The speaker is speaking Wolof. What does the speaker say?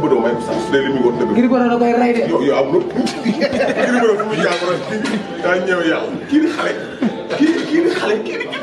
Bordeaux a ko sax su dee li muy woon dëgg. Gris Bordeaux da koy rey de. yow yow amul Gris Bordeaux fu muy jàpp rek